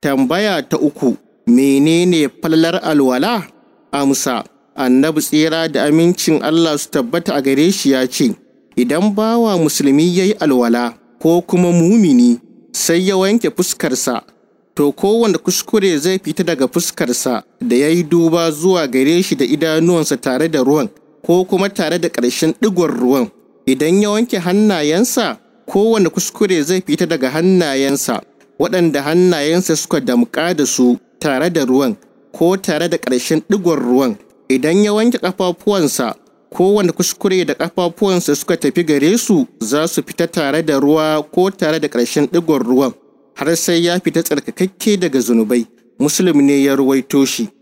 Tambaya ta uku, menene falalar alwala? Amsa, annabi tsira da amincin Allah su tabbata a gare shi ya ce, Idan bawa musulmi ya yi alwala ko kuma mumini sai ya wanke fuskarsa, to kowane kuskure zai fita daga fuskarsa da ya yi duba zuwa gare shi da idanuwansa tare da ruwan ko kuma tare da ƙarshen ɗigon ruwan. Idan ya wanke hannayensa, kowane kuskure zai fita daga hannayensa waɗanda hannayensa suka damƙa da su tare da ruwan ko tare da ƙarshen ɗigon ruwan idan ya wanke ƙafafuwansa kowane kuskure da ƙafafuwansa suka tafi gare su za su fita tare da ruwa ko tare da ƙarshen ɗigon ruwan har sai ya fita tsarkakakke daga zunubai Musulmi ne ya ruwaito shi